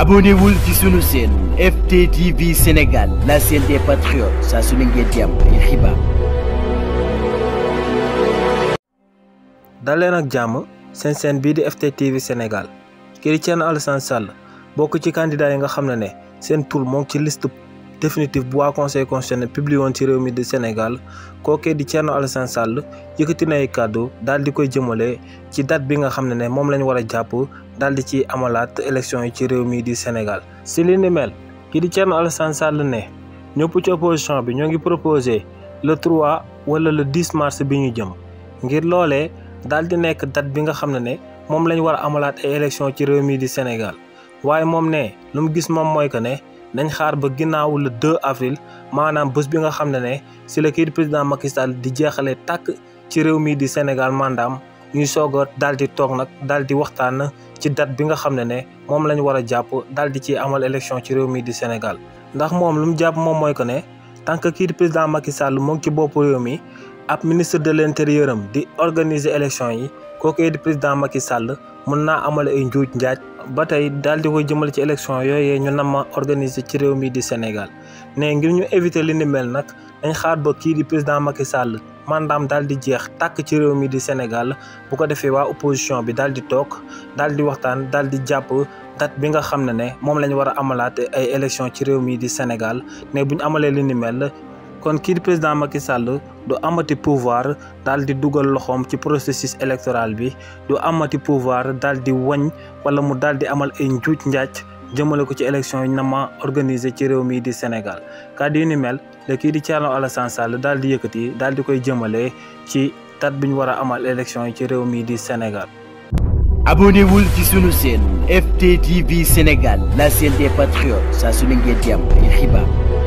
abonnewul ci sunu chaîne FTTV Sénégal la chaîne des patriotes saa su ngeen di am xibaar. dal ak jàmm seen seen bii di FTTV Sénégal Chrétien Alassane Sall bokk ci candidat yi nga xam ne ne seen tur moom ci liste définitif bois conseil constitutionnel publié en ci réew mi di Sénégal kookee di Thierno Alassane Sall yëkkati na ay kàddu daal di koy jëmale ci date bi nga xam ne ne moom lañ war a jàpp di ci amalaat élection ci réew du Sénégal. si li ni mel qui di Thierno Alassane Sall ne ñëpp ci opposition bi ñoo ngi le 3 wala le 10 mars bi ñu jëm ngir loolee daal di nekk date bi nga xam ne ne moom lañ war a élection ci réew mi Sénégal waaye mom ne lu mu gis moom mooy que ne. nañ xaar ba ginnaaw le 2 avril maanaam bés bi nga xam ne ne si la kii président Macky Sall di jeexale tàkk ci réew mii di Sénégal mandaam ñuy soog a daal di toog nag daal di waxtaan ci date bi nga xam ne ne moom lañ war a jàpp daal di ci amal élection ci réew mii di Sénégal ndax moom lu mu jàpp moom mooy que ne tant que kii président Macky Sall ci bopp réew mi ab ministre de l' intérieur am di organiser élection yi. kooku di président Macky Sall mën naa amal ay njuuj njaaj ba tey daal di koy jëmale ci élection yooyee ñu nama organiser ci réew mii di Sénégal ne ngir ñu éviter li mel nag dañ xaar ba kii di président Macky Sall mandaam daal di jeex tàkk ci réew mi di Sénégal bu ko defee waa opposition bi daal di toog daal di waxtaan daal di jàpp date bi nga xam ne ne moom la ñu war a amalaat ay élection ci réew mii di Sénégal ne bu ñu amalee li ni mel kon ki di président Macky Sall du amati pouvoir daldi di dugal loxoom ci processus électoral bi du amati pouvoir daldi di wañ wala mu daal di amal ay njuuj njaaj ko ci élection yi nama organisé ci réew mi di Sénégal kàddu yu ni mel le ki di Thierno Alassane Sall daal di yëkkati di koy jëmale ci tat bi wara amal élection yi ci réew mi di Sénégal. abonnewul ci sunu chaîne FTTV Sénégal la chaîne des patriotes ça se ne ngeen am